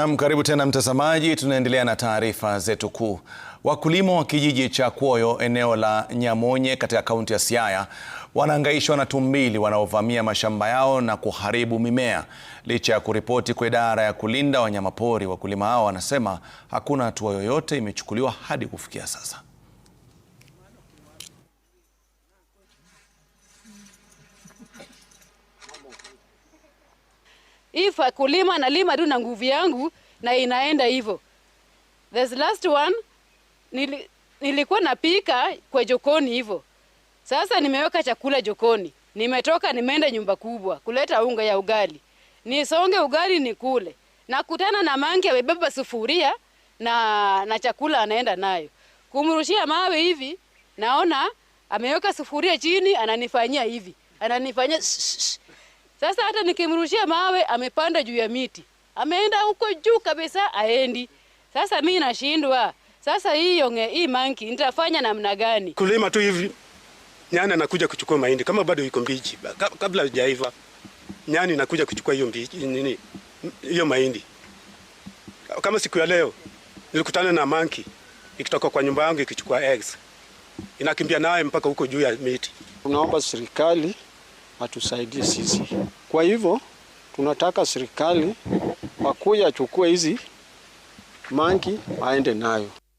Naam, karibu tena mtazamaji, tunaendelea na taarifa zetu kuu. Wakulima wa kijiji cha Kwoyo eneo la Nyamonye katika kaunti ya Siaya wanahangaishwa na tumbili wanaovamia mashamba yao na kuharibu mimea. Licha ya kuripoti kwa idara ya kulinda wanyamapori, wakulima hao wanasema hakuna hatua yoyote imechukuliwa hadi kufikia sasa. If kulima na lima tu na nguvu yangu na inaenda hivyo. This last one nili, nilikuwa napika kwa jokoni hivyo. Sasa nimeweka chakula jokoni. Nimetoka nimeenda nyumba kubwa kuleta unga ya ugali. Nisonge ugali nikule. Nakutana na mangi amebeba sufuria na na chakula anaenda nayo. Kumrushia mawe hivi naona ameweka sufuria chini ananifanyia hivi. Ananifanyia shh, shh. Sasa hata nikimrushia mawe amepanda juu ya miti, ameenda huko juu kabisa, aendi. Sasa mi nashindwa sasa, hii yonge hii manki nitafanya namna gani? Kulima tu hivi, nyani anakuja kuchukua mahindi kama bado iko mbichi, kabla hajaiva nyani inakuja kuchukua hiyo mbichi nini, hiyo mahindi. Kama siku ya leo nilikutana na manki ikitoka kwa nyumba yangu ikichukua eggs, inakimbia naye mpaka huko juu ya miti. Unaomba serikali atusaidie sisi. Kwa hivyo tunataka serikali wakuya achukue hizi manki aende nayo.